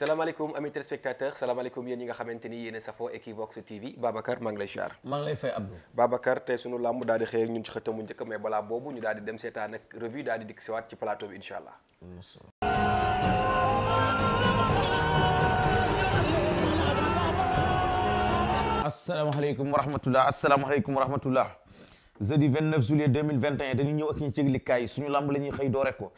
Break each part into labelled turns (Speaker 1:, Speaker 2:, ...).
Speaker 1: salaamaaleykum amis téléspectateurs salaamaaleykum yéen ñi nga xamante ni yéen a safoo Equivox TV Babacar maa ngi lay ziar. maa ngi làmb daal di xëy ak ñun ci xëtamu njëkk mais balaa boobu ñu daal di dem daal di dikk siwaat ci plateau bi incha allah.
Speaker 2: asalaamaaleykum wa rahmatulah asalaamaaleykum wa rahmatulah jeudi 29 juillet dañu ñëw ak ñi ci suñu làmb la ñuy xëy doore ko.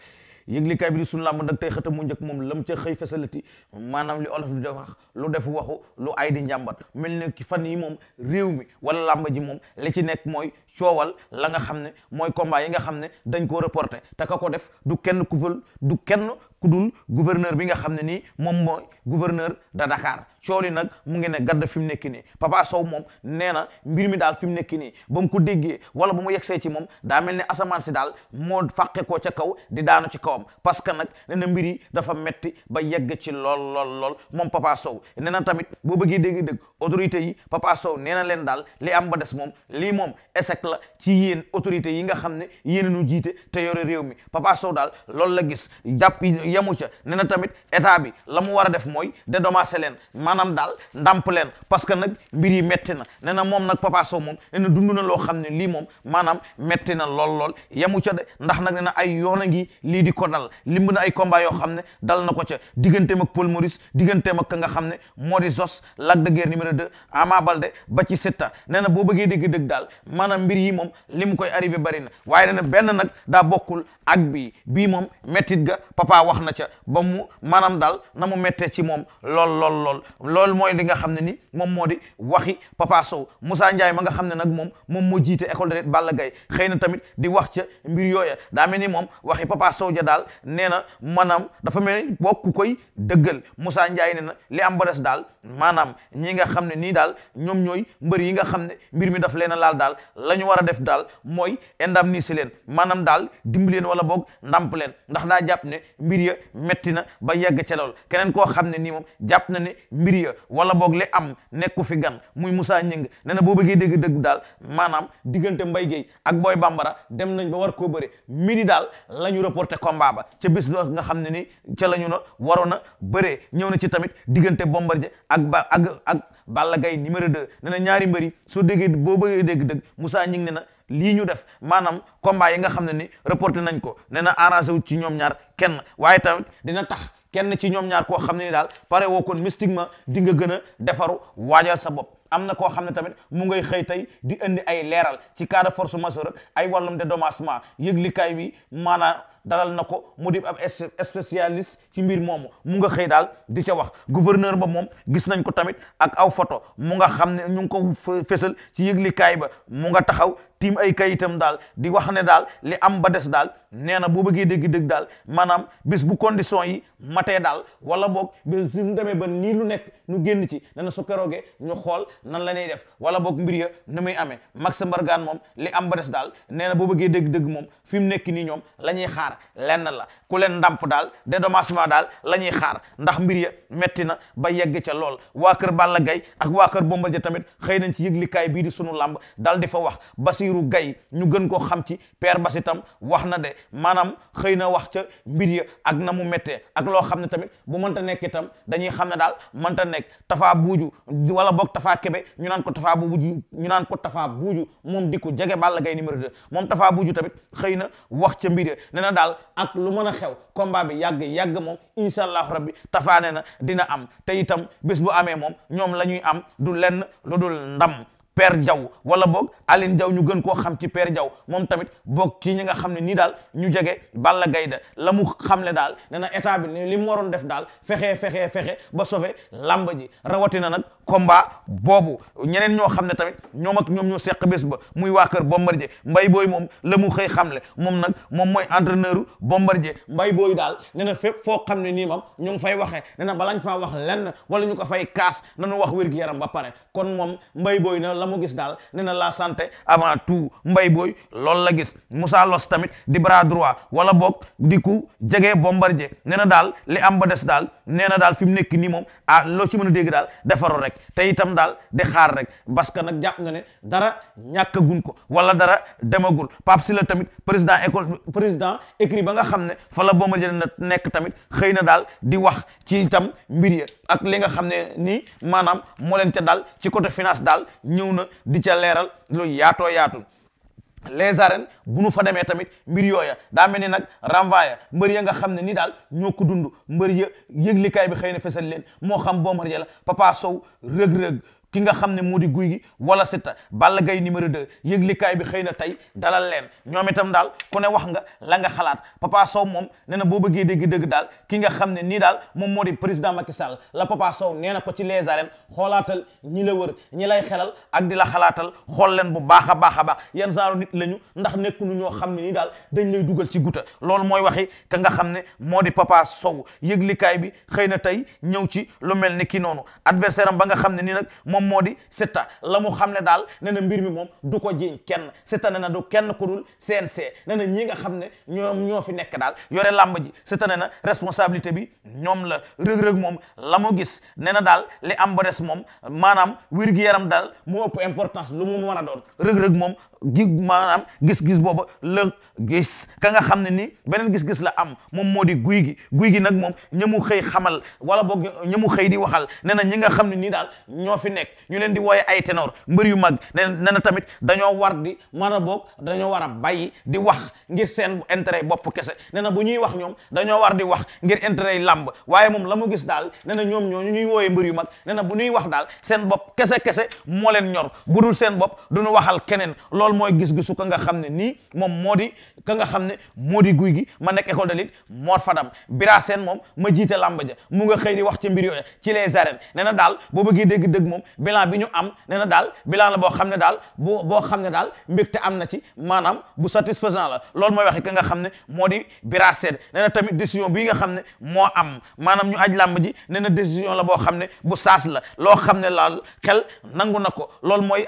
Speaker 2: yëglikaay bi di sunu làmb nag tey xëta mu njëkk moom lam ca xëy fesalati maanaam li olof di wax lu def waxu lu ay di njàmbat mel ne ki fan yi moom réew mi wala làmb ji moom li ci nekk mooy coowal la nga xam ne mooy combat yi nga xam ne dañ koo reporté te ka ko def du kenn ku fël du kenn ku dul gouverneur bi nga xam ne nii moom mooy gouverneur de Dakar cooli nag mu ngi ne gadda fi mu nekk nii Papa Sow moom nee na mbir mi daal fi mu nekk nii ba ko déggee wala ba mu yegsee ci moom daa mel ne asamaan si daal moo fàqe ko ca kaw di daanu ci kawam parce que nag nee na mbir yi dafa metti ba yegg ci lool lool lool moom Papa Sow nee na tamit boo bëggee dégg-dégg autorités yi Papa Sow nee na leen daal li am ba des moom lii moom échec la ci yéen autorités yi nga xam ne yéen nu jiite te yore réew mi Papa Sow daal loolu yemu ca ne na tamit état bi la mu war def mooy de dédommagé leen maanaam daal ndàmp leen parce que nag mbir yi metti na ne na moom nag Papa moom ne na dund na loo xam ne lii moom maanaam metti na lool lool yemu ca de ndax nag ne na ay yoon a ngi lii di ko dal limb na ay combat yoo xam ne dal na ko ca digganteem ak Paul Maurice digganteem ak nga xam ne moo di Zos Lac de Guiers numéro 2 Ama Baldé ba ci Siteu nee na boo bëggee dëgg-dëgg daal maanaam mbir yi moom li mu koy arrivé bari na waaye na benn nag daa bokkul ak bi bii moom mettit ga papa wax na ca ba mu maanaam daal na mu mettee ci moom lool lool lool loolu mooy li nga xam ne ni moom moo di waxi papa Sow Moussa Ndiaye ma nga xam ne nag moom moom moo jiite école Balla Gaye xëy na tamit di wax ca mbir yooya daa mel ni moom waxi papa Sow ja daal nee na maanaam dafa mel ni koy dëggal Moussa Ndiaye ne na li am ba des daal maanaam ñi nga xam ne nii daal ñoom ñooy mbër yi nga xam ne mbir mi daf leen a laal daal la ñu war a def daal mooy indemniser leen maanaam daal dimbi leen wala boog ndàmp leen ndax daa jàpp ne mbir ya metti na ba yegg ca lool keneen koo xam ne ni moom jàpp na ne mbir ya wala boog li am nekku fi gan muy Moussa Ñëng ne na boo bëggee dégg dëgg daal maanaam diggante Mbaye Guèye ak Boy Bambara dem nañ ba war koo bëre midi daal la ñu reporté combat ba ca bis la nga xam ne ni ca la ñu na waroon a bëree ñëw na ci tamit diggante Bombardier ak ba ak ak Balla Gaye numéro 2 ne ñaari mbëri soo déggee boo bëggee dégg dëgg Moussa Ñëng lii ñu def maanaam combat yi nga xam ne ni reporté nañ ko nee na arrangé wu ci ñoom ñaar kenn waaye tamit dina tax kenn ci ñoom ñaar koo xam ne ni daal pare woo kon ma di nga gën a defaru waajal sa bopp am na koo xam ne tamit mu ngay xëy tey di indi ay leeral ci cas de force majeure ay wàllum dédommagement yëglikaay bi maanaam dalal na ko mu di ab spécialiste ci mbir moomu mu nga xëy daal di ca wax gouverneur ba moom gis nañ ko tamit ak aw photo mu nga xam ne ñu ngi ko fésal ci yëglikaay ba mu nga taxaw tiim ay kayitam daal di wax ne daal li am ba des daal nee na boo bëggee dégg dëgg daal maanaam bis bu condition yi matee daal wala boog bis suñu demee ba nii lu nekk nu génn ci su keroogee ñu xool nan la ñuy def wala boog mbir ya na muy amee Max Mbargane moom li am ba des daal nee na boo bëggee dëgg-dëgg moom fi mu nekk nii ñoom la ñuy xaar lenn la ku leen ndàmp daal dédommagement daal la ñuy xaar ndax mbir ya metti na ba yegg ca lool waa kër Balla gay ak waa kër Bombardier tamit xëy nañ ci yëglikaay bii di sunu làmb daal di fa wax Basiiru Gaye ñu gën koo xam ci père Bas itam wax na de maanaam xëy na wax ca mbir ak na mu méttee ak loo xam ne tamit bu mënta nekk itam dañuy xam ne daal mënta nekk tafaa buuju wala boog tafaa kebe ñu naan ko tafaa buuju ñu naan ko tafaa buuju moom di ko jege Balla gay numéro 2 moom tafaa buuju tamit xëy na wax ca mbir ya ne daal a xew combat bi yàgg yàgg moom incha allahu rabbi tafaane na dina am te itam bés bu amee moom ñoom la ñuy am du lenn lu du ndam Père Diaw wala boog Aline Diaw ñu gën koo xam ci Père Diaw moom tamit boog kii ñi nga xam ne nii daal ñu jege Balla Gaye da la mu xamle daal nee na état bi li mu waroon def daal fexe fexe fexe ba sauver lamb ji rawatina nag combat boobu ñeneen ñoo xam ne tamit ñoom ak ñoom ñoo seq bés ba muy waa kër Bombardier mbay booy moom la mu xëy xamle moom nag moom mooy bombar Bombardier mbay Boy daal nee na fépp foo xam ne nii moom ñu ngi fay waxee nee na balañ faa wax lenn wala ñu ko fay kaas nanu wax wér yaram ba pare la mu gis daal nee na la santé avant tout mbay booy loolu la gis musa Loss tamit di bras droit wala boog di ku jege bombardier nee na daal li am ba des daal nee na daal fi mu nekk nii moom a ah loo ci mën a dégg daal defaru rek tey itam daal di xaar rek parce que nag jàpp nga ne dara ñàkkagun ko wala dara demagul Pape Sylla tamit président école président écrit ba nga xam ne fa la bombardier na nekk tamit xëy na daal di wax ci tam mbir ya ak li nga xam ne nii maanaam moo leen ñëw na di ca leeral lu yaatu les arènes bu nu fa demee tamit mbir yooya daa mel ni nag renvoya mbër ya nga xam ne ni daal ñoo ko dund mbër ya yëglikaay bi xëy na fesal leen moo xam Bombardier la Papa Sow rëg-rëg ki nga xam ne moo di guy gi wala Siteu Balla Gaye numéro 2 yëglikaay bi xëy na tey dalal leen ñoom itam daal ku ne wax nga la nga xalaat Papa Sow moom nee na boo bëggee dégg-dëgg daal ki nga xam ne nii daal moom moo di président Macky Sall la Papa Sow nee ko ci les arènes xoolaatal ñi la wër ñi lay xelal ak di la xalaatal xool leen bu baax a baax a baax yan genre nit lañu ndax nekkuñu ñoo xam ne daal dañ lay dugal ci guta loolu mooy waxi ka nga xam ne moo di Papa Sow yëglikaay bi xëy na tey ñëw ci lu mel ni ki noonu adversaire ba nga xam ne nii nag moom moom moo di la mu xam ne daal ne na mbir mi moom du ko jiñ kenn Siteu ne na du kenn ku dul CNC ne na ñi nga xam ne ñoom ñoo fi nekk daal yore làmb ji Siteu ne na responsabilité bi ñoom la rëg-rëg moom la mu gis ne na daal li am ba des moom maanaam wér yaram daal moo ëpp importance lu mu mën a doon rëg-rëg moom gi maanaam gis-gis boobu la gis ka nga xam ne nii beneen gis-gis la am moom moo di guy gi guy gi nag moom ña mu xëy xamal wala boog ña mu xëy di waxal nee na ñi nga xam ne nii daal ñoo fi nekk ñu leen di wooye ay ténor mbër yu mag nee na tamit dañoo war di mën a boog war a bàyyi di wax ngir seen intérêt bopp kese nee na bu ñuy wax ñoom dañoo war di wax ngir intérêt yi làmb waaye moom la mu gis daal nee na ñoom ñoo ñuy wooyee mbër yu mag nee na bu ñuy wax daal seen bopp kese kese moo leen ñor bu dul seen bopp duñu waxal keneen loolu loolu mooy gis-gisu ka nga xam ne nii moom moo di nga xam ne moo guy gi ma nekk école de lutte Mor Fadam Bira Sène moom ma jiite làmba ja mu nga xëy di wax ci mbir yooyu ci les arènes nee na daal boo bëggee dégg dëgg moom bilan bi ñu am nee na daal bilan la boo xam ne daal boo boo xam ne daal mbégte am na ci maanaam bu satisfaisant la loolu mooy waxi ka nga xam ne moo di Bira Sène nee na tamit décision nga xam ne moo am maanaam ñu aj làmb ji nee na décision la boo xam ne bu saas la loo xam ne laal xel nangu na ko loolu mooy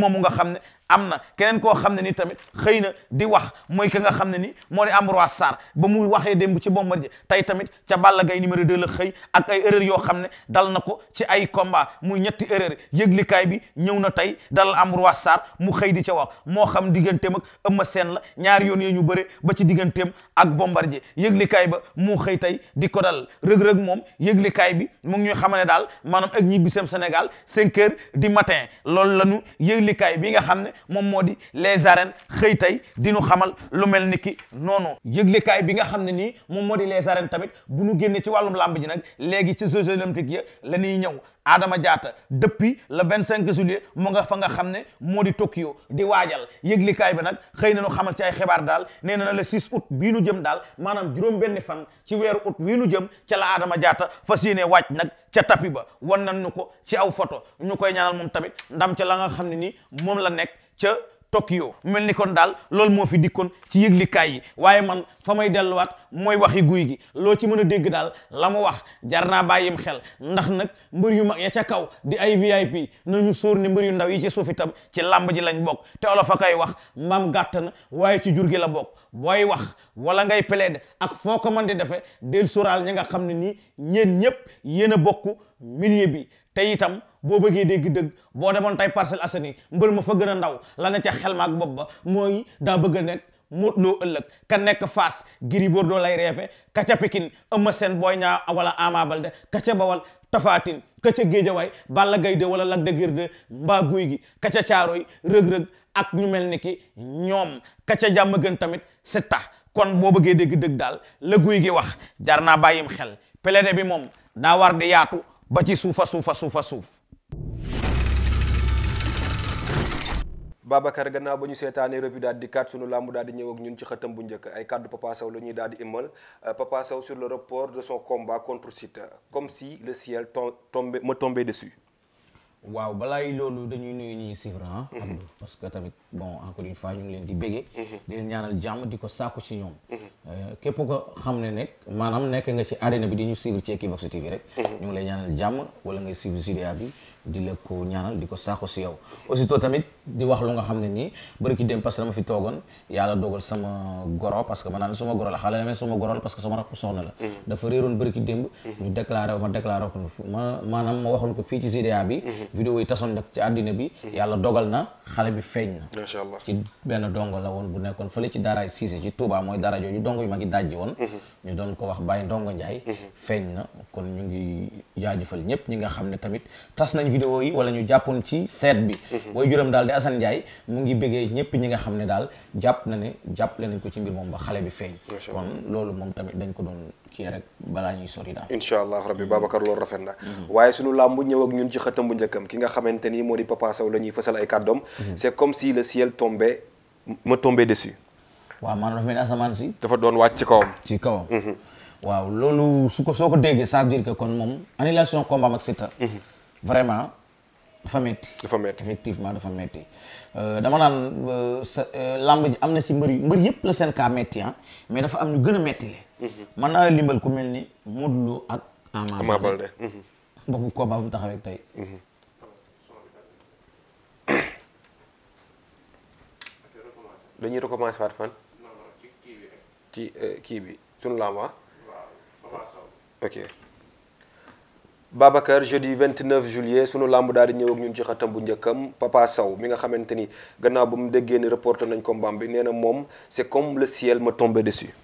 Speaker 2: moomu nga xam ne am na keneen koo xam ne ni tamit xëy na di wax mooy ki nga xam ne ni moo di Ambroise Sarr ba mu waxee démb ci Bombardier tey tamit ca Balla Gaye numéro 2 xëy ak ay erreur yoo xam ne dal na ko ci ay combat muy ñetti erreur yëglikaay bi ñëw na tey dalal Ambroise Sarr mu xëy di ca wax moo xam digganteem ak Eumeu Sène la ñaari yoon yi ñu bëre ba ci digganteem ak bombar ji yëglikaay ba mu xëy tey di ko dal rëg-rëg moom yëglikaay bi mu ngi ñuy xam ne daal maanaam ak ñibbiseem Sénégal cinq heures matin loolu la nga xam moom moo di les arènes xëy tey di nu xamal lu mel ni ki noonu yëglekaay bi nga xam ne nii moom moo di les arènes tamit bu nu génnee ci wàllum làmb ji nag léegi ci jeux olympiques ya la ñuy ñëw Adama Diatta depuis le vingt cinq juillet mu nga fa nga xam ne moo di Tokyo di waajal yëglikaay bi nag xëy na ñu xamal ci ay xibaar daal nee na le 6 août bii nu jëm daal maanaam juróom-benni fan ci weeru août bii nu jëm ca la Adama jaata fas yéene wàcc nag ca tapi ba wan nañ ñu ko ci aw photo ñu koy ñaanal moom tamit ndam ca la nga xam ne nii moom la nekk ca. Tokyo mel ni kon daal loolu moo fi dikkoon ci yëglikaay yi waaye man fa may delluwaat mooy waxi guy gi loo ci mën a dégg daal la mu wax jar naa bàyyim xel ndax nag mbër yu mag ya ca kaw di ay VIP nañu sóor ne mbër yu ndaw yi ci suuf itam ci làmb ji lañ bokk te olof a kay wax maam gàtt na waaye ci jur gi la bokk booy wax wala ngay plaide ak foo ko mën di defee del sóoraal ña nga xam ne nii ñeen ñépp yéen a bokk milieu bi te itam boo bëggee dégg dëgg boo demoon tey Parcelles Assainies mbër ma fa gën a ndaw la ne ca xel ma bopp ba mooy daa bëgg a nekk Modou Lo ëllëg ka nekk Fass Gris Bordeaux lay reefe ka ca Pikine Eumeu Sène Boy Niang wala Ama Baldé ka ca Bawal Tafatin ka ca Géejawaay Balla Gaye de wala Lac de Guiers de mbaa guy gi ka ca Caaroy Rëg-Rëg ak ñu mel ni ki ñoom ka ca jàmm gën tamit c'est tax kon boo bëggee dégg dëgg daal la guy gi wax jar naa bàyyim xel plédé bi moom daa war yaatu ba ci suufa suufa suufa suuf
Speaker 1: Babacar gannaaw ba ñu seetaanee revue daal di sunu làmb daal di ñëw ak ñun ci xëtam bu njëkk ay kàddu Papa Sow la ñuy daal di imal euh, Papa sur le report de son combat contre Siteu comme si le ciel tombé me tombait
Speaker 2: waaw balaay loolu dañuy nuyu ñuy suivre ah. parce que tamit. bon encore une fois ñu ngi leen di béggee mhm. di leen ñaanal jàmm di ko sàkku ci ñoom mhm. euh, képp ko xam ne nekk maanaam nekk nga ci arena bi di ñu suivre ci Equivox TV rek mhm. ñu ngi lay ñaanal jàmm wala ngay suivre sidéa bi di la ko ñaanal di ko sàkku si yow aussitôt tamit di wax lu nga xam ne nii bëri ki dem parce que dama fi toogoon yàlla dogal sama goro parce que ma naan suma goro la xale la mais suma goro la parce que sama rakk soxna la dafa réeroon bëri ki démb ñu déclaré ma déclaré ko ma maanaam ma waxoon ko fii ci sidéa bi vidéo yi tasoon nag ci àddina bi yàlla dogal na xale bi feeñ na macha allah ci benn dongo la woon bu nekkoon fële ci daaraay Cissé ci Touba mooy daara jooju dongo yu mag yi dajji woon mhm. ñu doon ko wax Baye Ndongo Ndiaye mhm. feeñ na kon ñu ngi jaajëfal ñëpp ñi nga xam ne tamit tas nañ vidéo yi wala ñu jàppoon ci seet bi mhm. booy juróom daal di Assane Ndiaye mu ngi bëggee ñëpp ñi nga xam ne daal jàpp na ne jàppale nañ ko ci mbir moom ba xale bi feeñ kon loolu moom tamit dañ ko doon kii rek balaa ñuy sori daal
Speaker 1: incha allah rabbi mm-hmm. Babacar loolu rafet na mm-hmm. waaye sunu làmb ñëw ak ñun ci xëtam bu njëkkam ki nga xamante ni moo di Papa Sow la ñuy fësal ay mm-hmm. c'est comme si le ciel tombait me tombait dessus waaw maanaam dafa mel asamaan si dafa doon
Speaker 2: wàcc ci kawam waaw loolu soo ko déggee ça veut dire kon moom annulation combat ak Siteu vraiment dafa metti dafa metti effectivement dafa euh, dama naan euh, sa euh, làmb ji am na ci mbër yu mbër yëpp la seen kaa metti ah mais dafa am ñu gën a metti le mm-hmm. mën naa limbal ku mel ni Modou Lo ak Ama Baldé mm-hmm. mbokku combat bu mu taxawee tey mm-hmm.
Speaker 1: dañuy bi sunu ah? Babacar jeudi 29 juillet sunu làmb daal di ñëw ak ñun ci xatam bu njëkkam Papa Sow mi nga xamante ni gannaaw ba mu déggee ni reporté nañ combat bi nee na moom c'est comme le ciel me tombait dessus.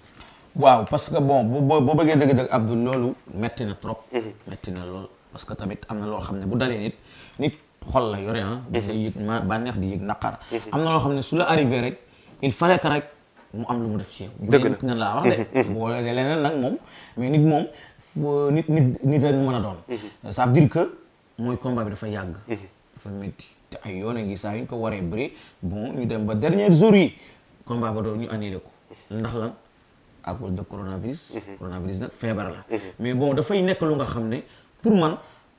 Speaker 2: waaw parce que bon boo boo bëggee dëgg-dëgg Abdou loolu metti na trop. Mhm. metti na lool parce que tamit am na loo xam ne bu dalee nit nit xol la yore ah. Mhm. di yëg ma bànneex di yëg naqar. Mhm. am na loo xam ne su la arrivé rek il fallait que rek mu am lu mu def ci yow. dëgg la bu na laa wax de. Euh, nit nit nit rek mën a doon. Mhm. ça veut dire que mooy combat bi dafa yàgg. Mhm. dafa métti te ay yoon a ngi saa yi ñu ko waree bëri bon ñu dem ba dernier jour yi combat ba doon ñu annulé ko ndax lan à cause de coronavirus. Mhm. coronavirus nag feebar la. mais bon dafay nekk lu nga xam ne pour man.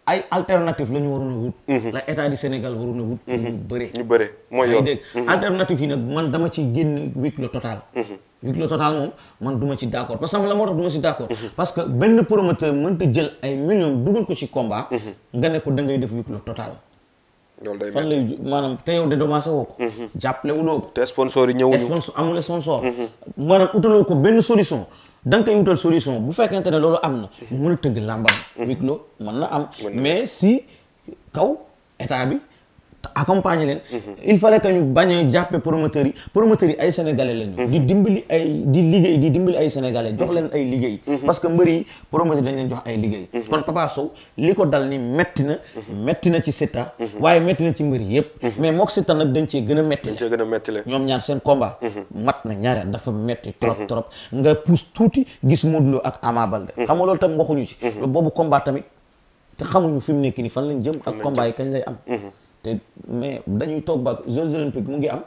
Speaker 2: ay alternative la ñu waroon a wut. Mhm. la état du Sénégal waroon a wut. Mhm. ñu bëre ñu bëre mooy yoon mhm. alternative yi nag man dama ci génn huis clos total. huis clos total moom man du ma ci d' accord parce que la moo tax du parce que benn promoteur mënta jël ay millions dugal ko ci combat. nga ne ko da ngay def huis clos total.
Speaker 1: loolu day
Speaker 2: maanaam te yow de dommage ko.
Speaker 1: jàppale wuloo ko. te sponsor yi ñëwuñu sponsor
Speaker 2: amul sponsor. maanaam utaloo ko benn solution. da nga solution bu fekkente ne loolu am na mu a tëgg làmbam. huis clos mën na am mais si kaw état bi accompagner leen. il fallait que ñu bañ a jàppe promoteurs yi promoteurs yi ay sénégalais lañu. Mhm. di dimbali ay di liggéey di dimbali ay sénégalais jox mhm. leen ay liggéey. Mhm. parce que mbër yi promoteurs dañ leen jox ay liggéey. kon Papa Sow li ko dal ni metti na. metti na ci Siteu. waaye metti na ci mbër yëpp. mais mook Siteu nag dañ cee gën a metti. dañ cee gën la ñoom ñaar seen combat. mat na ñaareel dafa metti trop trop nga pousse tuuti gis Modou Lo ak Ama Baldé. xam nga loolu tam waxuñu boobu combat tamit te xamuñu fi mu nekk nii fan lañ jëm. ak combat yi kañ lay am. te mais dañuy toog ba Jeux olympiques mu ngi am.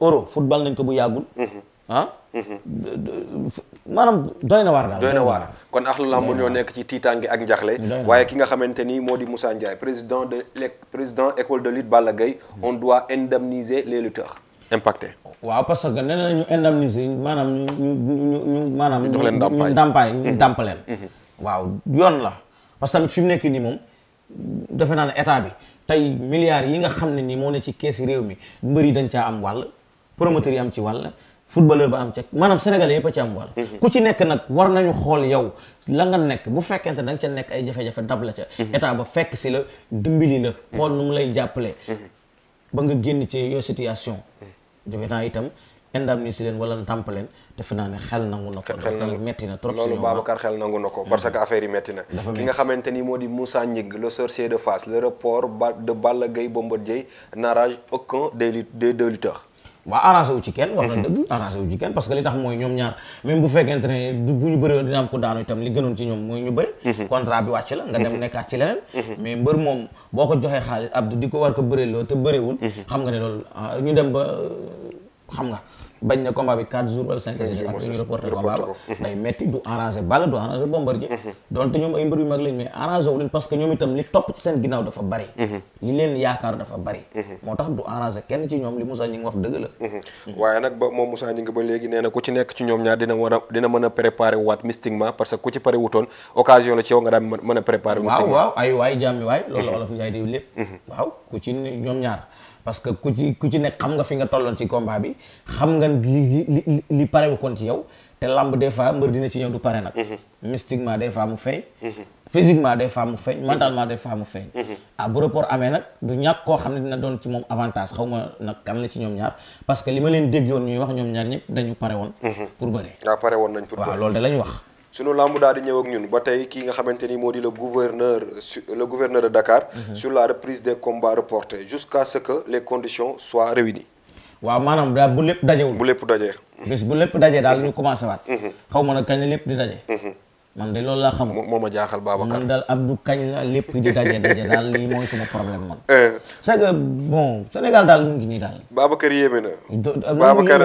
Speaker 2: euro football nañ ko bu yàggul. ah. maanaam doy na waar daal. doy na waar
Speaker 1: kon ak la lamb ñoo nekk ci tiitaange ak njaxle. waaye ki nga xamante ni moo di Moussa Ndiaye président de l' président école de lutte Balla Gaye on doit indemniser les lutteurs impactés.
Speaker 2: waaw parce que nee nañu indemniser maanaam ñu ñu ñu maanaam. ñu jox leen ndàmpaay ñu ndàmpaay ñu ndàmp leen. waaw yoon la parce que tamit fi mu nekk nii moom defe naa ne état bi. tey milliards yi nga xam ne ni moo ne ci keesi réew mi mbër yi dañ caa am wàll promoteurs yi am ci wàll footballeur ba am ca maanaam sénégalais yëpp a ci am wàll mm-hmm. ku ci nekk nag war nañu xool yow la nga nekk bu fekkente da nga ca nekk ay jafe-jafe dab la ca mm-hmm. état ba fekk si la dimbali la mm-hmm. xool nu mu lay jàppale ba nga génn ci yooyu situation jóge naa itam indemniser leen wala ndàmp leen defe naa ne xel nangu na ko xel nangu metti
Speaker 1: xel nangu na ko hmm. parce que affaire yi metti na ki nga xamante ni moo di Moussa Gningue le sorcier de Fass le report de Balla Gaye Bombardier n'arrange aucun des deux lutteurs
Speaker 2: waaw arrangé wu ci kenn wax na dëgg arrangé wu ci kenn parce que li tax mooy ñoom ñaar même bu fekkente ne du bu ñu bëri dina ko daanu itam li gënoon ci ñoom mooy ñu bëri mm-hmm. contrat bi wàcc la nga dem mm-hmm. nekkaat ci leneen mm-hmm. mais mbër moom boo ko joxee xaalis Abdou di ko war ko bëri ah, dem ba xam nga bañ na combat bi 4 jours wala 5 jours ak
Speaker 1: ñu nag ba moom Moussa ñi ngi ba na a dina a préparer waat mystiquement parce que ku ci pare wutoon occasion la ci yow nga daan mën a préparer mystiquement waaw
Speaker 2: waaw ay waay jàmmi waay loolu la olof Njaay di lépp mm-hmm. waaw ku ci ñoom ñaar parce que ku ci ku ci nekk xam nga fi nga tolloon ci combat bi xam nga li li li pare kon ci yow te lamb des fois mbër dina ci ñëw du pare nag. Mhm. mystiquement des fois mu feeñ. Mhm. physiquement des fois mu feeñ mhm. mentalement des fois mu feeñ. ah bu rapport amee nag du ñàkk koo xam ne dina doon ci moom avantage xaw ma nag kan la ci ñoom ñaar parce que li ma leen dégg yoon ñuy wax ñoom ñaar ñëpp dañu pare woon. pour bëre.
Speaker 1: waaw ah, pare woon nañ pour bëre waaw loolu da lañ wax. sunu lamb daal di ñëw ak ñun ba tey kii nga xamante ni moo di le gouverneur le gouverneur de Dakar. Mhm. sur la reprise des combats reportés jusqu'à ce que les conditions soient
Speaker 2: réunies. waaw maanaam daal bu lépp dajewul. bu lépp dajee. bis bu lépp dajee daal ñu mhm. commencé waat. Mhm. xaw ma nag kañ lépp di daje. man de loolu laa xamul moo ma jaaxal Babacar man daal Abdou kañ la lépp di daje daal lii mooy suma problème man. Eh. c'est
Speaker 1: que bon
Speaker 2: Sénégal daal mu ngi nii daal.
Speaker 1: Babacar yéeme na. Babacar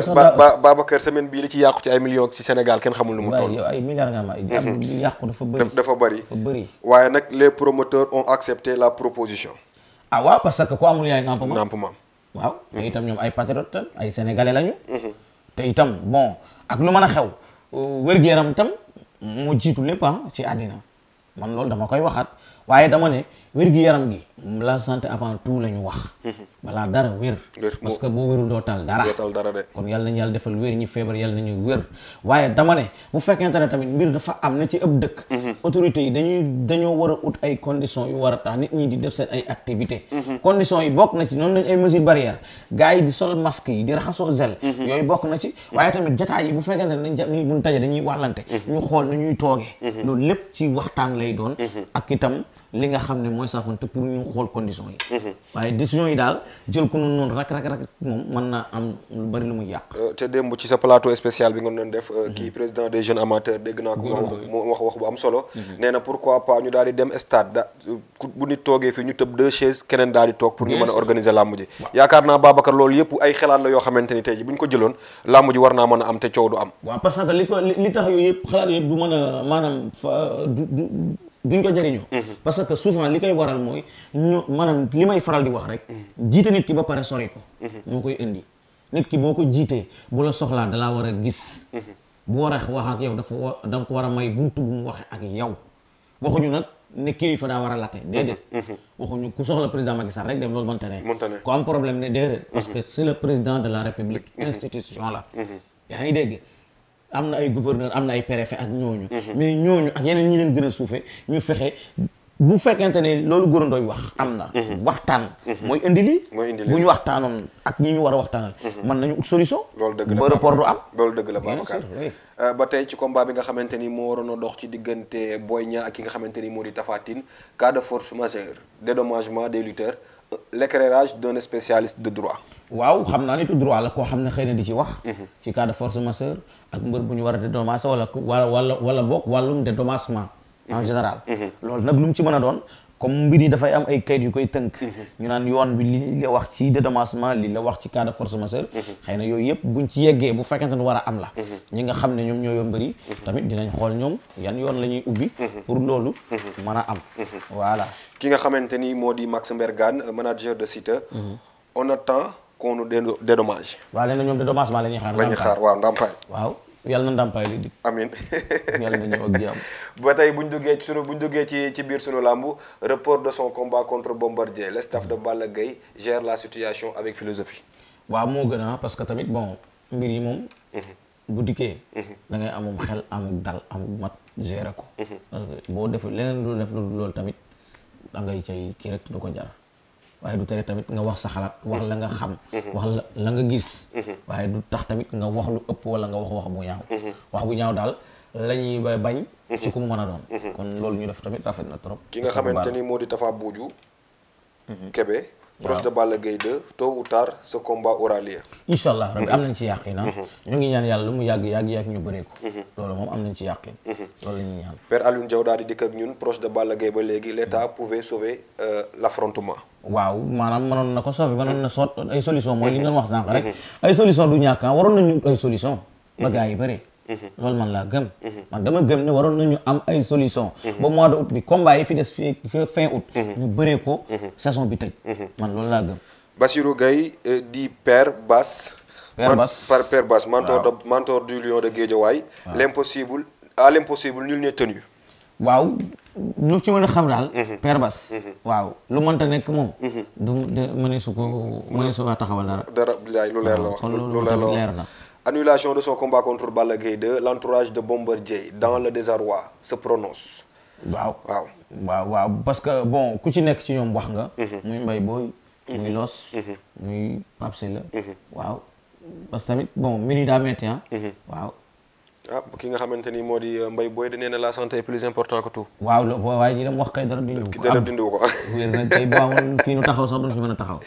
Speaker 1: Babacar semaine bii li ci yàqu ci ay millions ci Sénégal kenn xamul nu mu toll. ay milliards nga ma mhm. yàqu dafa bëri. dafa bëri waaye nag les promoteurs ont accepté la proposition. ah waaw parce que ku amul yaay nampement nampement.
Speaker 2: waaw te mhm. itam ñoom ay patriotes ay sénégalais lañu. Mhm. te itam bon ak lu mën a xew wér-gu-yaram moo jiitu lépp ah ci àddina man loolu dama koy waxaat waaye dama ne wér-gi-yaram gi la santé avant tout la ñu wax. balaa dara wér. parce que boo wérul doo tal dara. doo tal kon yàlla nañu yàlla defal wér ñi feebar yàlla nañu wér waaye dama ne bu fekkente tamit mbir dafa am na ci ëpp dëkk. Mhm. autorité yi dañuy dañoo war a ut ay conditions yu war a tax nit ñi di def seen ay activités. Mhm. conditions yi bokk na ci noonu lañ ay mesures barrières gars yi di sol masque yi di raxasoo zel. Mhm. yooyu bokk na ci waaye tamit jataay yi bu fekkente ne dañuy mun taje dañuy wàllante. ñu xool nu ñuy toogee. loolu lépp ci waxtaan lay doon. ak itam li nga xam ne ñu xool condition yi mhm. waaye décision yi daal jël ko noonu noonu rak moom mën naa am lu bari lu muy yàq
Speaker 1: euh, te démb ci sa plateau spécial bi nga doon def euh, kii mhm. président de jeunes amateurs dégg naa ko wax wax bu am solo mhm. nee na pourquoi pas ñu daal di dem stade da bu nit toogee fii ñu tëb deux chaises keneen daal di toog pour ñu mën a organiser làmb yaakaar naa Babacar loolu yëpp ay xalaat la yoo xamante ji bu ñu ko jëloon làmb war naa mën a am te coow du am waaw
Speaker 2: ko li tax yooyu yëpp xalaat duñ ko jëriñoo mhm. parce que souvent li koy waral mooy ñu maanaam li may faral di wax rek mhm. jiite nit ki ba pare sori ko mhm. moo koy indi nit ki boo ko jiitee bu la soxlaa dalaa war a gis bu war a wax ak yow dafa wa war a may bunt bu mu waxe ak yow waxuñu nag ne kilifa daa war a latte déedéet waxuñu ku soxla président Macky Sall rek dem loolu mënta ne ku am problème ne déedéet parce que c'est le président de la république institution la yaa dégg am na ay gouverneur am na ay préfet ak ñooñu mhm. mais ñooñu ak yeneen ñi leen gën a suufe ñu fexe bu fekkente ne loolu góorandooy wax am na mhm. waxtaan mhm. mooy indi lii bu ñu waxtaanoon ak ñi ñu war a waxtaanal mën nañu ut solution
Speaker 1: loolu dëgg la ba rapport du am loolu dëgg la Babacar euh, ba tey ci combat bi nga xamante ni moo waroon a dox ci diggante Boy Niang ak ki nga xamante ni moo di Tapha Tine cas de force majeure dédommagement des lutteurs euh, l'éclairage d'un spécialiste de droit
Speaker 2: waaw xam naa nitu droit la koo xam ne xëy na di ci wax ci cas de force majeure ak mbër bu ñu war a dédommagé wala wala wala wala boog wàllum dédommagement en général loolu nag lu mu ci mën a doon comme mbir yi dafay am ay kayit yu koy tënk ñu naan yoon bi li la wax ci dédommagement li la wax ci cas de force majeure xëy na yooyu yëpp buñ ci yeggee bu fekkente ne war a am la ñi nga xam ne ñoom ñoo yor mbir yi tamit dinañ xool ñoom yan yoon la ñuy ubbi pour loolu mën a am
Speaker 1: voilà ki nga xamante ni moo di Max Mbergane manager de Siteu on attend qu'on nous dédommage.
Speaker 2: waaw léegi ñoom dédommagement la ñuy xaar. xaar
Speaker 1: waaw ndàmpaay. waaw yàlla na ndàmpaay li di. amiin yàlla na ñëw ak jàmm. ba tey bu ñu duggee ci sunu bu ñu duggee ci ci biir sunu làmb report de son combat contre Bombardier le staff de Balla Gaye gère la situation avec philosophie.
Speaker 2: waaw moo gën a parce que tamit bon mbir yi moom.
Speaker 1: Mhm. bu dikkee. Mhm.
Speaker 2: da ngay amum xel amum dal amum mat gérer ko. parce mhm. euh, que boo defee leneen lu def loolu tamit da ngay cay kii rek du ko jar. waaye du tere tamit nga wax sa xalaat wax la nga xam mhm. wax la la nga gis mhm. waaye du tax tamit nga wax lu ëpp wala nga wax wax bu ñaaw mhm. wax bu ñaaw daal la ñuy bañ ci ku mu mën a doon kon loolu ñu def tamit rafet na trop ki nga xamante ni
Speaker 1: moo di dafa Buuju Kebe Brosse de Balla Gaye 2 tôt ou ce combat aura lieu.
Speaker 2: incha allah rabbi am nañ ci yàqin ah. Mhm. ñu ngi ñaan yàlla lu mu yàgg yàgg yàgg ñu bëree ko. Mhm. loolu moom am nañ ci yàqin. Mhm. loolu la ñaan.
Speaker 1: Père Alioune Diaw daal di dikk ak ñun proche de Balla Gaye ba léegi l' état pouvait sauver euh, l' affrontement.
Speaker 2: waaw maanaam mënoon na ko sauver mënoon na sot ay solution mooy li ñu doon wax sànq rek ay solution du ñàkk ah waroon nañu ay solution. ba gaa yi bëree. loolu man laa gëm mhm. man dama gëm ne waroon nañu am ay solution mhm. ba mois de août bi combat yi fi des fi fin août mhm. ñu bëree ko saison bi tëj man loolu laa gëm
Speaker 1: Bassirou Gueye euh, di père Bass père Bass par père Bass de mentor du lion de Guédiawaye l'impossible
Speaker 2: lu ci mën a xam daal
Speaker 1: père Bass waaw
Speaker 2: lu mënta nekk moom du mëneesu ko mëneesu waa taxawal dara
Speaker 1: dara bilaay lu leer la wax lu leer na Annulation de son combat contre Balla Gaye 2 l'entourage de Bombardier dans le désarroi se prononce.
Speaker 2: waaw waaw waaw waaw parce que bon ku ci nekk ci ñoom wax nga. Mhm. muy Mbaye Boy.
Speaker 1: Mhm. muy Los. Mhm. muy
Speaker 2: Pape waaw parce que bon mbir daa metti ah. waaw.
Speaker 1: ah ki nga xamante ni moo di euh, Mbaye Boye nee na la santé est plus important que tout.
Speaker 2: waaw waaye ñi dem wax kay dara dindiwu ko dara dindiwu ko wér na tey nu taxaw sax duñu fi mën a taxaw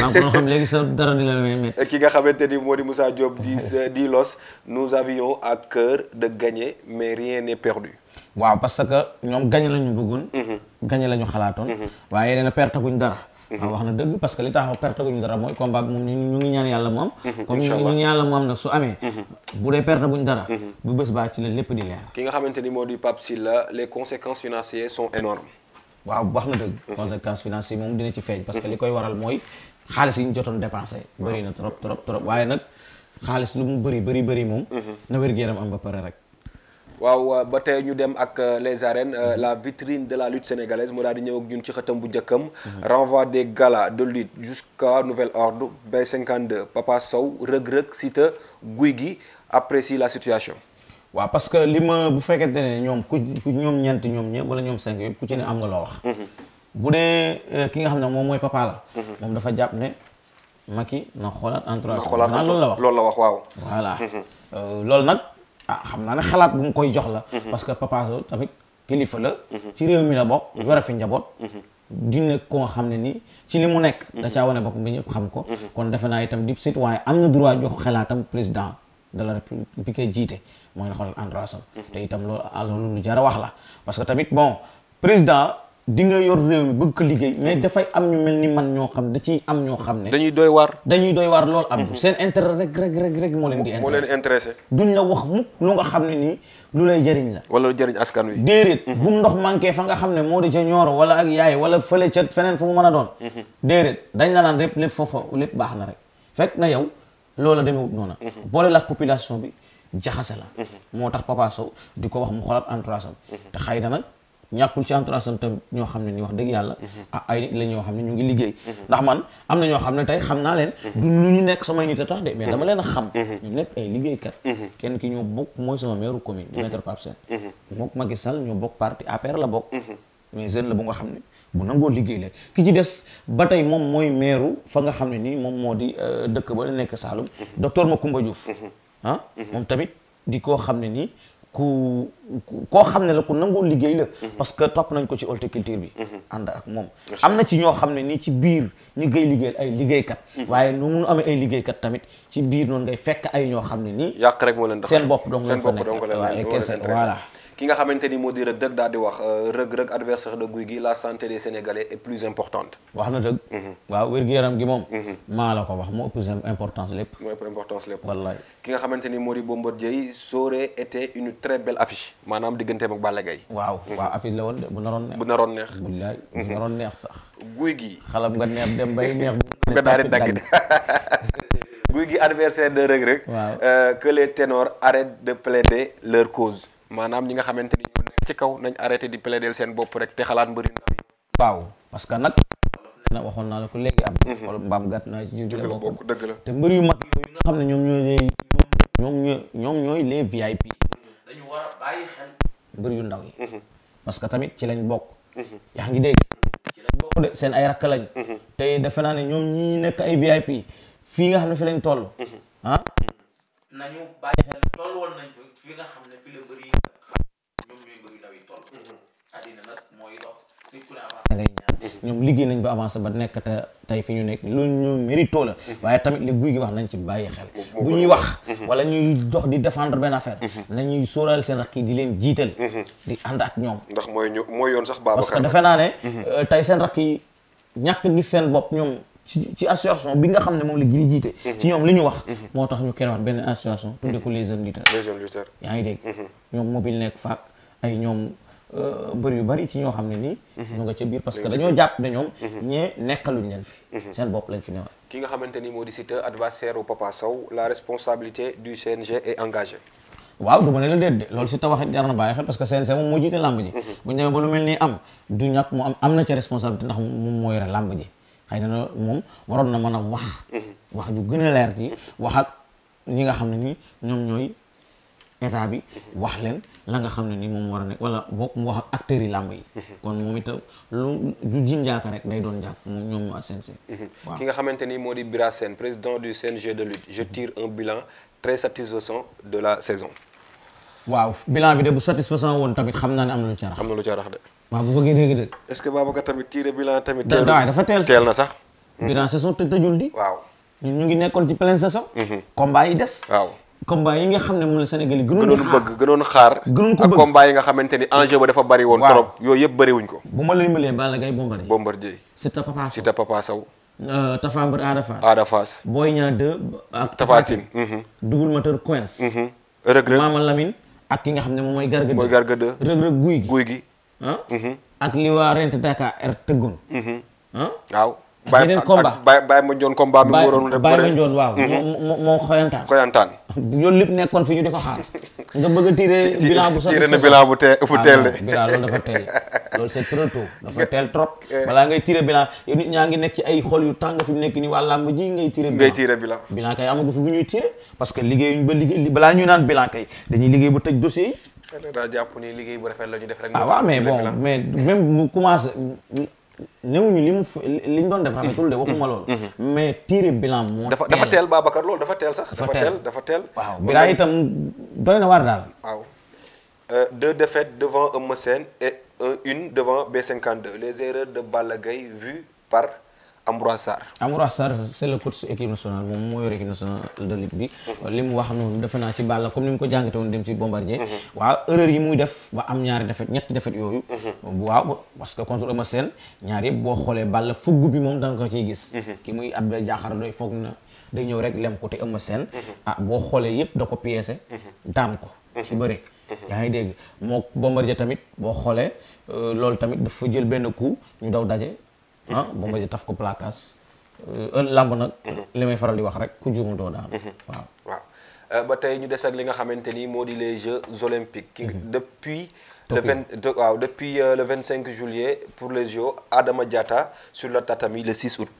Speaker 2: maa ngi ko xam léegi sax dara di la métti
Speaker 1: ki nga xamante ni moo di Moussa Diop di di los nous avions ak cœur de gagner mais rien n'est perdu
Speaker 2: waaw parce que ñoom gagné lañu bëggoon mhm. gagné la xalaatoon mhm. waaye nee na perte guñ dara waaw wax na dëgg parce que li tax perte guñu dara mooy combat bi moom ñu ngi ñaan yàlla mu am mhm. comme ñu ngi ñaan yàlla mu am nag su amee mhm. bu dee perte dara mhm. bu bés baa ci la lépp di leer
Speaker 1: ki nga xamante ni moo di Pape Sylla les conséquences financières sont énormes
Speaker 2: waaw wax na dëgg conséquences financières moom dina ci feeñ parce que li koy waral mooy xaalis yi ñu jotoon dépensé bëri na trop trop trop waaye nag xaalis lu mu bëri bëri bëri moom na wér-gu-yaram am ba
Speaker 1: waaw euh, ba tey ñu dem ak euh, les arènes euh, la vitrine de la lutte sénégalaise mu daal di ñëw ak ñun ci xëtam bu njëkkam mhm. renvoi des galas de lutte jusqu'à nouvel ordre B52 Papa Sow rëg-rëg Siteu guy gi apprécie la situation waa
Speaker 2: parce que li ma bu fekkente ne ñoom ku ñoom ñeent ñoom ñëpp wala ñoom cinq yëpp ku ci ne am nga loo wax mhm. bu dee ki nga xam ne moom mooy papa la mhm. moom dafa jàpp ne Macky na xoolaat entourage loolu la wax loolu la wax
Speaker 1: waaw voilà
Speaker 2: loolu nag ah xam naa ne xalaat bu mu koy jox la. Mhm. parce que Papa Sow tamit kilifa la. ci réew mi la bokk. war mhm. a fi njaboot. Mhm. di nekk koo xam ne ni ci li mu nekk. da caa wane bopp bi ñëpp xam ko. kon defe naa itam di citoyen am na droit jox xalaatam président dala la république bi koy jiite mooy na xoolal André Assane. te itam loolu loolu lu jar a wax la parce tamit bon président. di nga yor réew mi bëgg ko liggéey mais mm-hmm. dafay am ñu mel ni man ñoo xam da ciy am ñoo xam ne.
Speaker 1: dañuy doy waar. dañuy doy waar loolu am
Speaker 2: mm-hmm. seen intérêt rek rek rek rek moo leen di. moo leen intéressé duñ la wax mukk lu nga xam ne nii lu lay jariñ la.
Speaker 1: wala lu jëriñ askan wi.
Speaker 2: déeréet mm-hmm. bu ndox manqué fa nga xam ne moo di ca ñooro wala ak yaay wala fële ca feneen fu mu mën a doon. déedéet dañ la naan lépp lépp foofa lépp baax na rek fekk na yow loola demewut noona boole ak population bi jaxase la. moo tax Papa Sow di ko wax mu xoolaat entourage am te xëy na ñàkkul ci entourage am tam ñoo xam ne ni wax dëgg yàlla ah ay nit xam ne ñu ngi liggéey mhm. ndax man am na ñoo xam ne tey xam naa leen mhm. du ñu nekk samay nit a tax de mais dama leen a xam ñu nekk ay liggéeykat kenn ki ñoo bokk mooy sama meeru commune di maître Pape Sène mook Macky Sall ñoo bokk parti APR la bokk la bu nga xam ne bu nangoo liggéey la ki ci des ba tey moom mooy meeru fa nga xam ne nii moom moo di euh, dëkk ba la nekk Saalum docteur Macoumba Diouf ah moom tamit di koo xam ne nii ku koo xam ne la ku nangu liggéey la. Mhm. parce que topp nañ ko ci horticulture bi. Mhm. ànd ak moom. am na ci ñoo xam ne nii ci biir ñu ngay liggéeyal ay liggéeykat. Mhm. waaye nu mu amee ay liggéeykat tamit ci biir noonu ngay fekk ay ñoo xam ne nii.
Speaker 1: yàq rek moo leen seen bopp dong. seen bopp dong la leen voilà. ki nga xamante ni moo di Reug Reug wax euh, Reug Reug adversaire de Gouye Gui la santé des Sénégalais est plus importante.
Speaker 2: wax na dëgg. Mhm. waaw wér-gu-yaram gi moom. Mhm. maa la ko wax moo ëpp importance lépp.
Speaker 1: moo ki nga xamante moo di Bombardier ça aurait été une très belle affiche maanaam digganteem ak Balla Gaye.
Speaker 2: waaw mhm. affiche la woon de bu naroon neex. bu naroon neex. neex sax. Gouye Gui. xalam nga neex dem bay neex. nga daal di dagg
Speaker 1: Gouye Gui adversaire de Reug Reug. waaw euh, que les ténors arrêtent de maanaam ñi nga xamante ni ñoo nekk ci kaw nañ arrêté di plaider seen bopp rek te xalaat mbëri ndaw yi
Speaker 2: waaw parce que na waxoon naa la ko léegi am wala mbaam mhm. gàtt naa ci jur gi la bokk dëgg la te mbër yu mag yooyu nga xam ne ñoom ñooy les ñoom ñooy ñoom ñooy les VIP dañu war a bàyyi xel yu ndaw yi mhm. parce que tamit ci lañ bokk mhm. yaa ngi dégg ci lañ bokk de seen ay rakk lañ te defe naa ne ñoom ñi nekk ay VIP fii nga xam ne fi lañ toll ah nañu bàyyi xel toll woon nañ ko fi nga xam ne fi la bëri ñoom ñooy yi toll mhm. àddina ne avancé ñoom liggéey nañ ba avancé ba nekk te tey fi ñu nekk loolu ñu mérito la mhm. waaye tamit li guy gi wax nañ ci bàyyi xel bu ñuy wax mhm. wala ñuy dox di défendre benn affaire nañuy sóoraal seen rakk yi di leen jiital di ànd ak ñoom ndax
Speaker 1: mooy ñu mooy yoon sax Babacar parce que defe
Speaker 2: naa ne euh, seen rakk yi ñàkk gis seen bopp ñoom ci ci association bi nga xam ne moom la Gris jiite. Mhm. ci ñoom li ñu wax. Mhm. moo tax ñu keroog benn association. tudde ko mhm. les jeunes lutteurs. les yaa ngi dégg. ñoom mobile nekk faak ay ñoom
Speaker 1: euh, bëri yu
Speaker 2: bëri ci ñoo xam ne nii. ñu nga ca biir que dañoo jàpp ne ñoom.
Speaker 1: ñee nekkaluñ leen fi. seen bopp lañ fi newal. ki nga xamante ni moo di Siteu adversaire u Papa Sow la responsabilité du CNG est engagée.
Speaker 2: waaw du ma ne la déet de loolu si tax waxit jar na bàyyi xel parce que CNG moom moo jiite làmb ji. bu ñu demee ba lu mel ni am du ñàkk mu am am na ca responsabilité ndax moom moo yore làmb xëy na moom waroon na mën a wax wax ju gën a leer ci wax ak ñi nga xam ne nii ñoom ñooy état bi wax leen la nga xam ne ni moom war a nekk wala bokk mu wax ak acteurs yi làmb yi kon moom itam lu du jim njaaka rek day doon njàkk moom ñoom ñu assensi
Speaker 1: mhm. waaw ki nga xamante ni moo di Bira Sène président du CNG de lutte je tire un bilan très satisfaisant de la saison waaw bilan bi de bu
Speaker 2: satisfaisant woon tamit xam naa ne am na lu ca am na lu ca rax waaw bu bëggee dégg
Speaker 1: dégg. dafa
Speaker 2: teel sax. Mm-hmm. bilan saison te tëjul di. waaw ñu ngi nekkoon ci pleine saison. Mm-hmm. combat yi des. combat yi nga xam ne moom la Sénégal yi gënoon
Speaker 1: bëgg gënoon xaar. xamante ni enjeu ba dafa bari woon. trop yooyu ko.
Speaker 2: bu ma la limbalee
Speaker 1: Balla Gaye Bombardier. Bombardier.
Speaker 2: ki nga xam moom mooy. Garga 2 mooy
Speaker 1: Garga Guy gi. Mm-hmm.
Speaker 2: ak li waa rent Dakar er tëggoon.
Speaker 1: Mm-hmm. waaw. beneen combat Baye Baye ma njoon combat bi mu waroon def. Baye ma njoon waaw. Mm-hmm. moom moom xoyantaan. fi ñu di ko xaar.
Speaker 2: nga bëgg a tiré bilan bu. tiré na ah, eh. ñaa ngi nekk ci ay xol yu tàng fi mu nekk nii waa làmb ji ngay parce que liggéeyuñ ba liggéey balaa ñuy naan bilan kay dañuy liggéey bu tëj dossier yi.
Speaker 1: daa jàpp ni liggéey bu rafet la ñu def rek. ah waaw mais bon
Speaker 2: mais même bu commencé néewuñu li mu li ñu doon def rafetul de waxuma loolu. Mm-hmm. Mm-hmm. mais tiire bilan moo. dafa dafa
Speaker 1: teel Babacar loolu dafa teel sax. dafa teel dafa teel. waaw bilan itam doy na waar daal. waaw euh, deux défaites devant Eumeu Sène et une devant B52 les erreurs de Balla Gaye vues par. Ambroise Sarr
Speaker 2: Ambroise Sarr c' est le coach équipe nationale moom moo yor équipe nationale de ligue bi mhm. li mu wax noonu defe mhm. waaw erreur yi muy def ba am ñaari defet ñetti defet yooyu mhm. waaw parce que contre Eumeu Sène ñaar yëpp boo xoolee Balla fugg bi moom danga ko ciy gis ki muy Abdel Diakhar doy foog na day ñëw rek lem ko te Eumeu Sène ah boo xoolee yëpp da ko piécé daam ko ci bëre yaa ngi dégg moo Bombardier tamit boo xoolee euh, loolu tamit dafa jël benn coup ñu daw daje ah Bombardier taf ko placage euh, lamb nag mhm. li may faral di wax rek ku juum doo daan mhm. waaw
Speaker 1: waaw euh, ba tey ñu des ak li nga xamante ni moo di les Jeux olympiques ki mhm. depuis le depuis euh, le vingt cinq juillet pour le Jeux Adama Diatta su le tatami le 6 août.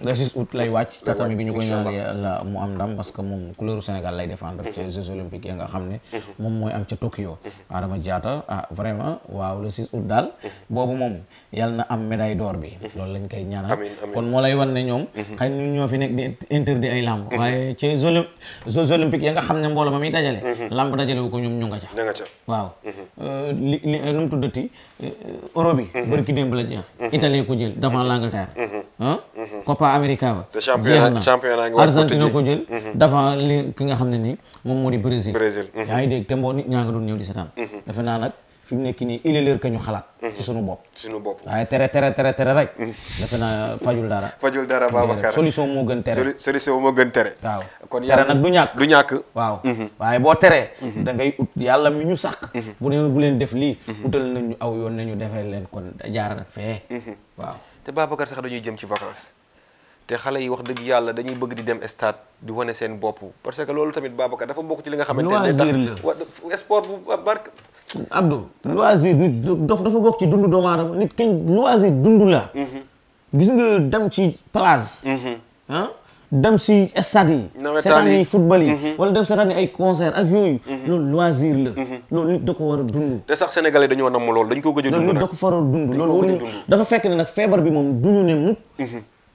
Speaker 1: le 6
Speaker 2: août lay wàcc. tatami bi ñu koy ñaan la mu am ndam parce que moom couleur Sénégal lay défendre. ci Jeux olympiques yi nga xam ne. moom mooy am ca Tokyo. Adama Diatta ah, vraiment waaw le 6 août daal. boobu moom. yal na am médaille door bi loolu lañ koy ñaanal kon moo lay wan ne ñoom mhm. xëy na ñoo fi nekk di interdit ay lamb mhm. waaye ci jeux ya nga xam ne mbooloo ma muy dajale mhm. lamb dajale wu ko ñoom ñu nga
Speaker 1: ca waaw
Speaker 2: euh, li li nu mu tuddati euh, euro bi bërki démb la jeex Italie ko jël devant l'Angleterre ah Copa America ba jeex na Argentine ko jël devant li ki nga xam ne nii moom moo di Brésil yaa ngi dégg te mboo nit ñaa nga doon ñëw di setaan defe naa nag fi mu nekk nii il est l'heure que ñu xalaat. Mhm. ci sunu bopp. sunu bopp waaye tere tere tere tere rek. Mhm. defe naa fajul dara. fajul
Speaker 1: dara Babacar solution moo gën tere. solution moo gën tere. waaw kon tere nag du ñàkk du ñàkk. waaw mhm. waaye boo teree. da ngay ut yàlla mi ñu sàkk.
Speaker 2: bu ne bu leen def lii. utal nañ ñu aw yoon nañu defee leen kon jaara nag fee.
Speaker 1: waaw te Babacar sax dañuy jëm ci vacances. te xale yi wax dëgg yàlla dañuy bëgg di dem stade di wane seen bopp parce que loolu tamit Babacar dafa bokk ci li nga xamante ne. loisir
Speaker 2: Abdou loisir nit dof dafa bokk ci dundu doomu aadama nit kenn loisir dundu la mhm. gis nga dem ci plage mhm. ah dem si stade yi seetaan yi football yi mhm. wala dem seetaan yi ay concert ak yooyu loolu loisir la loolu nit da ko war a dund
Speaker 1: te sax sénégalais dañoo namm loolu dañ ko gëj a dund da ko far a dund loolu
Speaker 2: dafa fekk ne nag feebar bi moom duñu ne mukk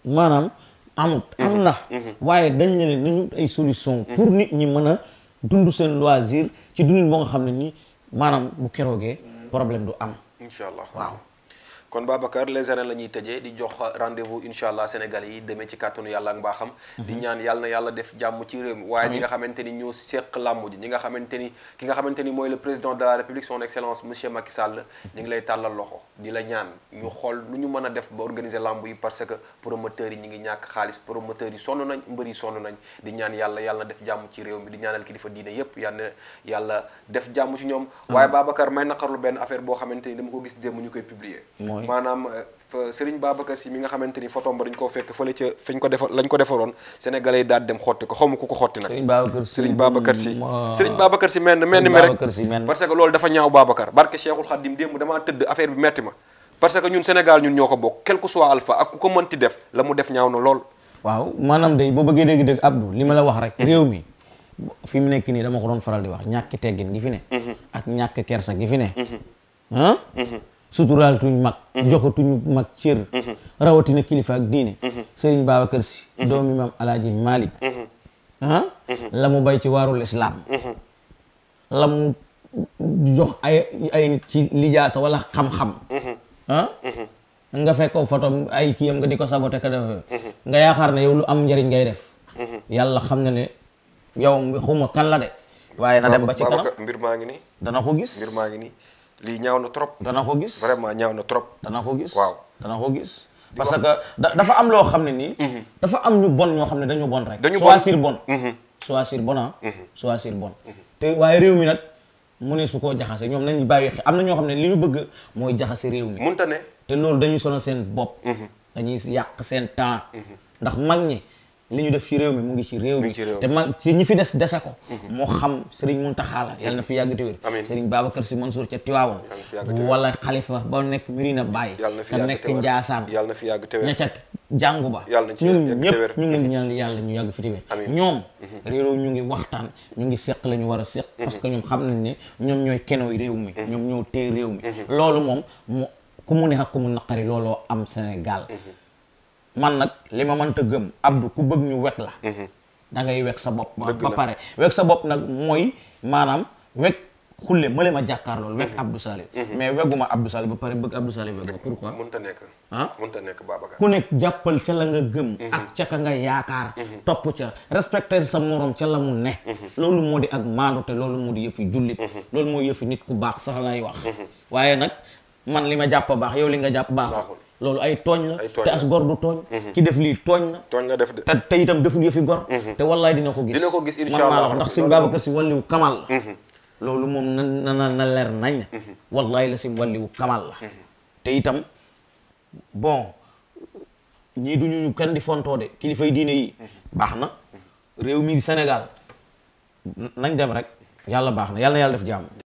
Speaker 2: maanaam amut am na waaye dañ ne leen nañu ay solution pour nit ñi mën a dund seen loisir ci dundin boo nga xam ne nii maanaam bu keroogee mm. problème du am.
Speaker 1: incha allah waaw. kon Babacar les arènes la ñuy tëjee di jox rendez-vous incha allah Sénégal yi demee ci kàttanu yàlla ak mbaaxam mhm. di ñaan yàlla na yàlla def jàmm ci réew mi ñi nga xamante ni ñoo seq làmb ji ñi nga xamante ni ki nga xamante ni mooy le président de la république son excellence monsieur Macky Sall mhm. ñu ngi lay tàllal loxo di la ñaan ñu xool lu ñu mën a def ba organiser yi parce que promoteurs yi ñi ngi ñàkk xaalis promoteurs yi sonn nañ mbër yi sonn nañ di yàlla yàlla def jàmm ci réew mi di ñaanal kilifa diine yëpp yàlla yàlla def jàmm ci ñoom waaye Babacar may naqarlu benn affaire boo xamante ni dama ko gis démb ñu koy publier maanaam euh, Serigne Babacar Sy mi nga xamante ni photom ba dañ koo fekk fële ca fañ ko defar lañ ko defaroon sénégalais yi daal dem xotti ko xawma ku ko xotti nag Serigne Babacar Sy menn menn mi rek parce que loolu dafa ñaaw Babacar barke Cheikhul Khadim démb damaa tëdd affaire bi metti ma parce que ñun Sénégal ñun ñoo ko bokk quel que soit alpha ak ku ko mënti def la mu def ñaaw na lool
Speaker 2: waaw maanaam day boo bëggee dégg dégg Abdou li ma la wax rek réew mi fi mu nekk nii dama ko doon faral di wax ñàkki teggin gi fi ne mhm. ak ñàkk fi suturaaltuñ mag mhm. joxatuñu mag cër mhm. rawatina kilifa ak diine mhm. sëriñ Babacar Si doomi maam alaaji Malik ah? la mu bay ci waarul islaam la mu jox ay ay ci lijaasa wala xam-xam ah? nga fekkoo foto ay kiyam nga di ko saboté ka def nga yaakaar ne yow lu am njëriñ ngay def yàlla xam na ne yow xuma kan la de waaye na dem ba ci kanam
Speaker 1: mbir maa ngi nii dana ko gis lii ñaaw na trop. dana ko gis vraiment ñaaw na trop. dana ko gis waaw
Speaker 2: dana ko gis. parce que dafa am loo xam ne nii. Mhm. dafa am ñu bon ñoo xam ne dañu bon rek. dañu bon choisir bon. Mhm. choisir bon ah. Mhm. choisir bon. te waaye réew mi nag mu ne su koo jaxasee ñoom nañu bàyyi xel am na ñoo xam ne li ñu bëgg mooy jaxase réew mi. mënta ne te loolu dañuy sonal seen bopp. dañuy yàq seen temps. ndax mag ñi. li ñu def ci réew mi mu ngi ci réew mi te man ci ñi fi des dese ko mm-hmm. moo xam Serigne Mountakha la yàlla na fi yàgg te wér Serigne Babacar Sy Mansour ca Tiwaawoon wala xalifa ba nekk Medina Baye ka nekk Njaasaan ña ca jàngu ba ñun ñëpp ñu ngi ñaan yàlla ñu yàgg fi te wér mm-hmm. ñu ngi waxtaan ñu ngi seq la ñu war a seq mm-hmm. parce que ñoom xam nañ ne ñoom ñooy kenooy réew mi ñoom ñoo téye réew mi loolu moom mu ku mu neex ak ku mu naqari looloo am Sénégal man nag li ma mënta gëm Abdou ku bëgg ñu wekk la mhm. da ngay wekk sa bopp ba pare wekk sa bopp nag mooy maanaam wekk xulle mële ma jàkkaar loolu wekk mhm. Abdou mhm. mais wegguma Abdou Salif ba pare bëgg Abdou Salif wegg ma pourquoi mënta nekk
Speaker 1: ah mënta nekk
Speaker 2: ku nekk jàppal ca la nga gëm ak ca ka nga yaakaar topp ca respecté sa morom ca la mu ne loolu moo di ak maandu te loolu moo di yëfi jullit loolu mooy yëfi nit ku baax sax lay wax waaye nag man li ma jàpp baax yow li nga jàpp baaxul loolu ay tooñ la te as gor du tooñ mhm. ki def lii tooñ na tooñ la def de te te itam deful yëfi gor mhm. te wallaay dina ko gis dina ko gis insha allah man ndax suñu Babacar si wàlliwu kamal la mhm. loolu moom na na na leer nañ wallaay la si wàlliwu kamal la te itam bon ñii du ñu kenn di fontoo de kilifay diine yi baax na réew mi di Sénégal nañ dem rek yàlla baax na yàlla yàlla def jàmm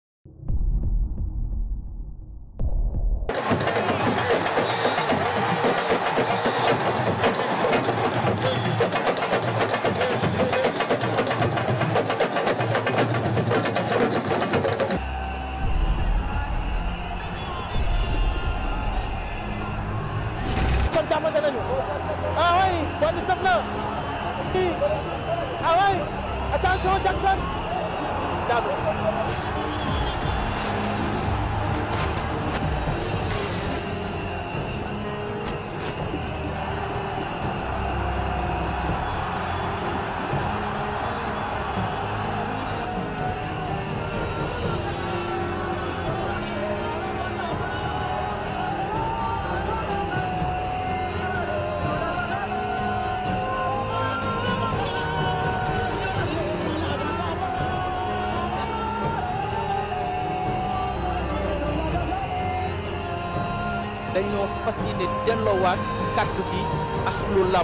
Speaker 2: jàmmante nañu ah oui boobu saf na kii
Speaker 1: ah oui attention Jackson daanu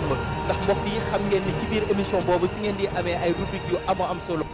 Speaker 1: jàmm ndax mbokk yi xam ngeen ni ci biir émission boobu si ngeen di amee ay rubrique yu amoo am solo